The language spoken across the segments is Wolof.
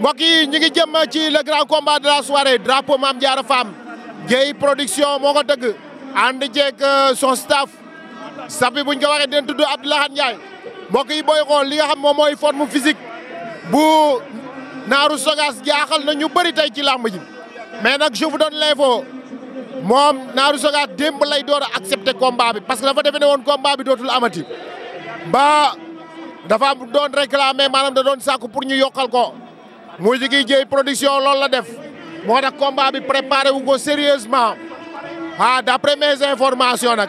mbokk yi ñu ngi jëm ci le grand combat de la soirée drapeau Mame Diarra Fam Guèye production moo ko tëgg ànd ceeg euh, son staff sabi buñ ko waxee den tudd Abdoulaye Ndiaye mbokk yi booy xool li nga xam moom mooy forme physique bu naaru sogas jaaxal na ñu bëri tey ci làmb ji mais nag je vous donne l'info moom naaru sogas démb lay door a accepter combat bi parce que dafa defe ne woon combat bi dootul amati ba dafa doon réclamer maanaam da doon sàkku pour ñu yokkal Musique yi Dieye production loolu la def moo tax combat bi préparé wu ko sérieusement ah d'après mes informations nag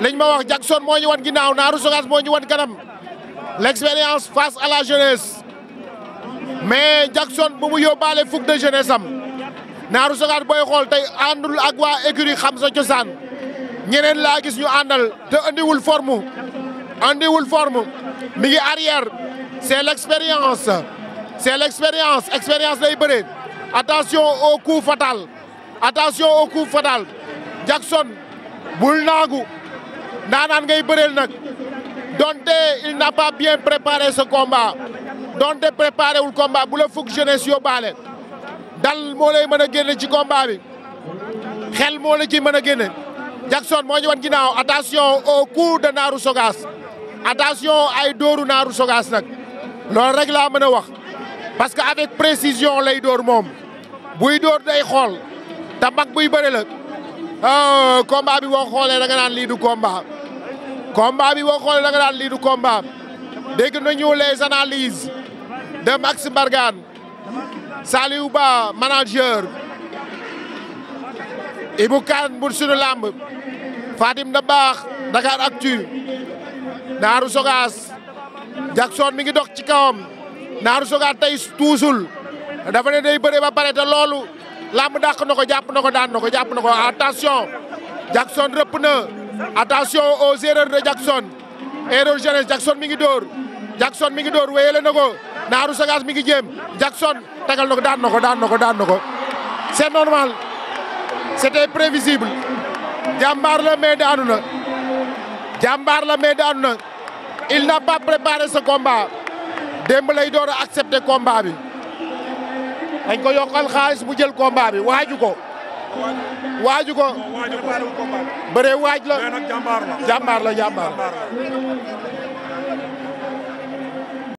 liñ ma wax Jackson moo ñu ginnaaw Naaru Sogas moo ñu wan kanam l'expérience face à la jeunesse mais Jackson bu mu yóbbaale fukk de jeunesse am Naaru Sogas booy xool tey àndul ak waa écurie xam sa cosaan ñeneen laa gis ñu àndal te andiwul forme andiwul forme mi ngi arrière c'est l'expérience. c'est l'expérience expérience lay bëree attention au coup fatal attention au coup fatal Jackson bul naagu ndaanaan ngay bëreel nag donte il n'a pas bien préparé ce combat donte préparé wul combat bu la fukk jeunesse yóbbaale dal moo lay mën a génne ci combat bi xel moo la ci mën génne Jackson moo ñu wan ginnaaw attention au coup de naaru sogaas attention ay dóoru naaru sogaas nag loolu rek laa mën a wax parce que avec précision lay dóor moom buy dóor day xool te mag buy bëri la ah, combat bi boo xoolee da naan lii du combat combat bi boo xoolee da naan lii du combat dégg nañu les analyses de Max Mbargane Saliou Ba manager Ibou Kane bu sunu làmb Fatim na baax Dakar Actu Daaru Sogaas Jackson mi ngi dox ci kawam Naaru Sogaat tey tuusul dafa ne day bëre ba pare ta loolu làmb dàq na ko jàpp na ko daan na ko jàpp na ko attention Jackson rëpp na attention aux erreurs de Jackson erreur jeunesse mi ngi dóor Jackson mi ngi dóor wéyale na ko Naaru Sogaat mi ngi jéem Jackson tagal na ko daan na ko daan na ko daan ko c'est normal c'était prévisible jàmbaar la mais daanu na jàmbaar la mais daanu na il n'a pas préparé ce combat démb lay door a accepté combat bi dañ ko yokkal xaalis mu jël combat bi waaju ko. waaju ko bëree waaj la jàmbaar la jàmbaar